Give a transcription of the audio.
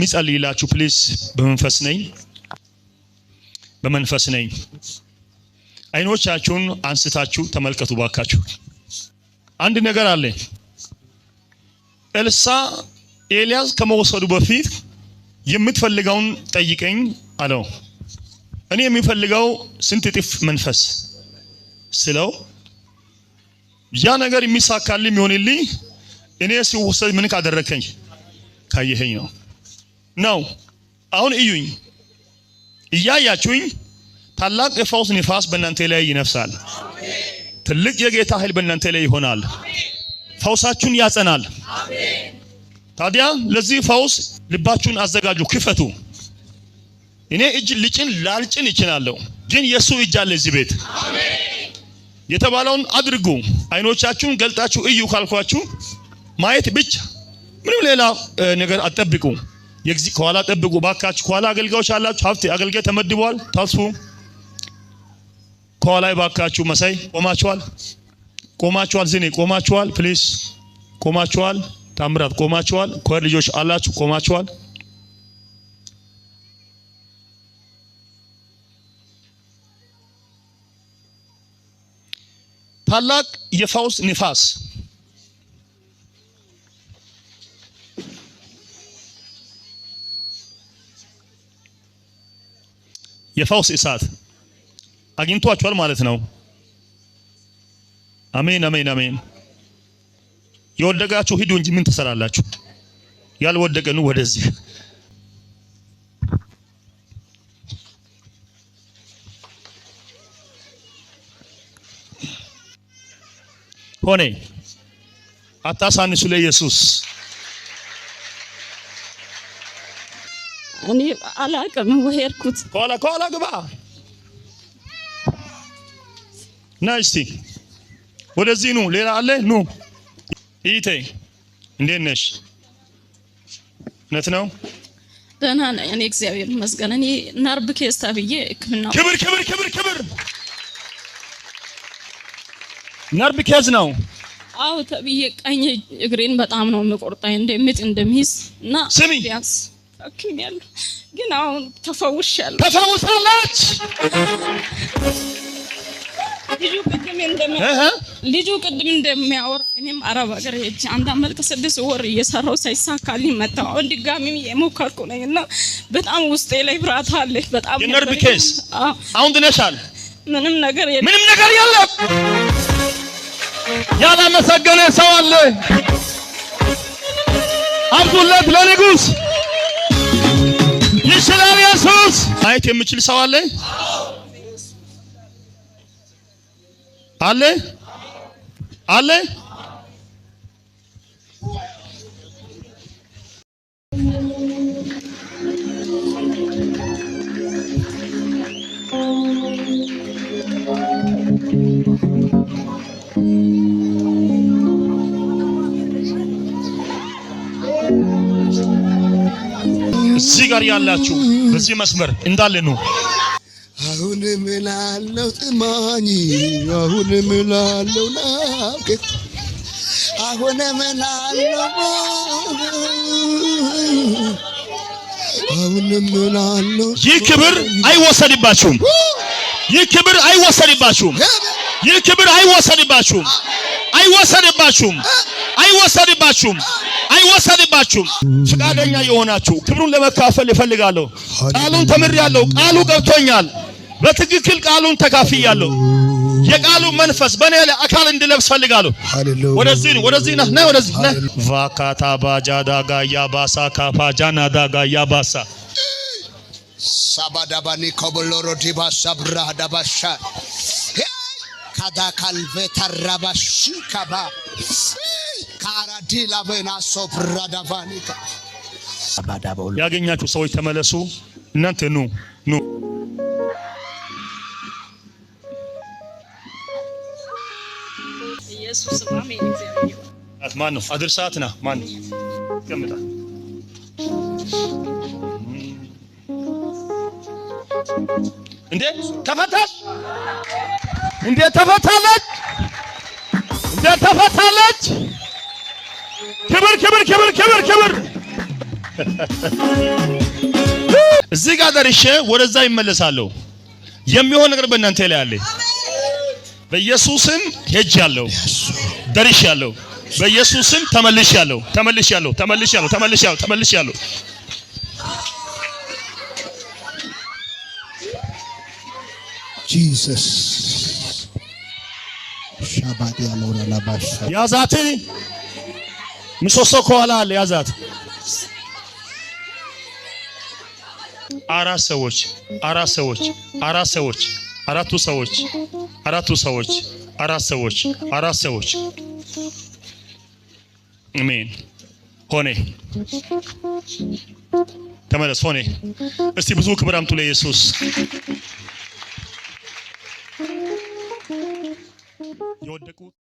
የሚጸልይላችሁ ፕሊዝ በመንፈስ ነኝ፣ በመንፈስ ነኝ። አይኖቻችሁን አንስታችሁ ተመልከቱ ባካችሁ። አንድ ነገር አለ። ኤልሳ ኤልያስ ከመወሰዱ በፊት የምትፈልገውን ጠይቀኝ አለው። እኔ የሚፈልገው ስንት እጥፍ መንፈስ ስለው ያ ነገር የሚሳካልኝ የሚሆንልኝ እኔ ሲወሰድ ምን ካደረከኝ ካየኸኝ ነው። ነው። አሁን እዩኝ፣ እያያችሁኝ ታላቅ የፈውስ ንፋስ በእናንተ ላይ ይነፍሳል። ትልቅ የጌታ ኃይል በእናንተ ላይ ይሆናል። ፈውሳችሁን ያጸናል። ታዲያ ለዚህ ፈውስ ልባችሁን አዘጋጁ፣ ክፈቱ። እኔ እጅ ልጭን ላልጭን ይችላለሁ፣ ግን የሱ እጅ አለ እዚህ ቤት። የተባለውን አድርጉ። አይኖቻችሁን ገልጣችሁ እዩ ካልኳችሁ ማየት ብቻ፣ ምንም ሌላ ነገር አጠብቁ። የጊዜ ከኋላ ጠብቁ ባካችሁ። ከኋላ አገልጋዮች አላችሁ። ሀብት አገልጋይ ተመድቧል። ታስፉ ከኋላ ባካችሁ። መሳይ ቆማችኋል፣ ቆማችኋል። ዝኔ ቆማችኋል። ፕሊስ ቆማችኋል። ታምራት ቆማችኋል። ኮር ልጆች አላችሁ፣ ቆማችኋል። ታላቅ የፈውስ ንፋስ የፈውስ እሳት አግኝቷቸዋል ማለት ነው። አሜን አሜን አሜን። የወደቃችሁ ሂዱ እንጂ ምን ትሰራላችሁ? ያልወደቀኑ ወደዚህ ሆኔ አታሳንሱ ለኢየሱስ እኔ አላቅም ወይ ሄድኩት። ከኋላ ግባ ና እስቲ ወደዚህ ኑ። ሌላ አለ ኑ። ይቴ እንዴት ነሽ? እውነት ነው። ደህና ነኝ እኔ እግዚአብሔር ይመስገን። እኔ ነርቭ ኬዝ ተብዬ ሕክምና ክብር ክብር ክብር ክብር ነርቭ ኬዝ ነው። አዎ ተብዬ ቀኝ እግሬን በጣም ነው የምቆርጠኝ እንደምጥ እንደሚይዝ እና ስሚ ቢያንስ አክኛል ግን አሁን ተፈውሻለሁ። ተፈውሳለች። ልጁ ቅድም እንደሚያ ልጁ ቅድም እንደሚያወራ እኔም አረብ ሀገር ሄጄ አንድ አመት ከስድስት ወር እየሰራው ሳይሳካልኝ መጣሁ። አሁን ድጋሚ የሞከርኩ ነኝ እና በጣም ውስጤ ላይ ፍርሃት አለ። በጣም የነርቭ ኬዝ። አሁን ድነሻል። ምንም ነገር የለም። ምንም ነገር የለም። ያላመሰገነ ሰው አለ። አብዱለት ለንጉስ ማየት የምችል ሰው አለ አለ አለ። እዚህ ጋር ያላችሁ በዚህ መስመር እንዳለ ነው። አሁን ምላለው ጥማኝ፣ አሁን ምላለው ናፍቄ፣ አሁን ምላለው አሁን ምላለው። ይህ ክብር አይወሰድባችሁም። ይህ ክብር አይወሰድባችሁም። ይህ ክብር አይወሰድባችሁም። አይወሰድባችሁም። አይወሰድባችሁም፣ አይወሰድባችሁም። ፈቃደኛ የሆናችሁ ክብሩን ለመካፈል እፈልጋለሁ። ቃሉን ተምሬያለሁ። ቃሉ ገብቶኛል። በትክክል ቃሉን ተካፍያለሁ። የቃሉ መንፈስ በእኔ ላይ አካል እንድለብስ ፈልጋለሁ። ወደዚህ ወደዚህ ና ና ወደዚህ ና ቫካታ ባጃ ዳጋ ያባሳ ካፓጃና ዳጋ ያባሳ ሳባዳባኒ ኮብሎሮ ዲባ ሳብራ ዳባሻ ካዳ ካልቬ ተራባሺ ካባ ካራዲላ በናሶ ያገኛችሁ ሰዎች ተመለሱ። እናንተ ኑ ኑ ማን ነው አድርሳት ና ማን ነው እንዴ ተፈታሽ እንዴ ተፈታለች እንዴ ተፈታለች ክብር ክብር ክብር ክብር ክብር። እዚህ ጋር ደርሼ ወደዛ ይመለሳለሁ። የሚሆን ነገር በእናንተ ላይ አለ። በኢየሱስም ሄጃለሁ፣ ደርሻለሁ። በኢየሱስም ተመልሻለሁ፣ ተመልሻለሁ፣ ተመልሻለሁ፣ ተመልሻለሁ፣ ተመልሻለሁ። ጂሰስ ሻባዲ ያለውና ላባሽ ያዛቴ ምሰሶ ከኋላ አለ ያዛት። አራት ሰዎች አራት ሰዎች አራት ሰዎች አራቱ ሰዎች አራቱ ሰዎች አራት ሰዎች አራት ሰዎች አሜን። ሆኔ ተመለስ። ሆኔ እስቲ ብዙ ክብር አምጡ ለኢየሱስ። የወደቁ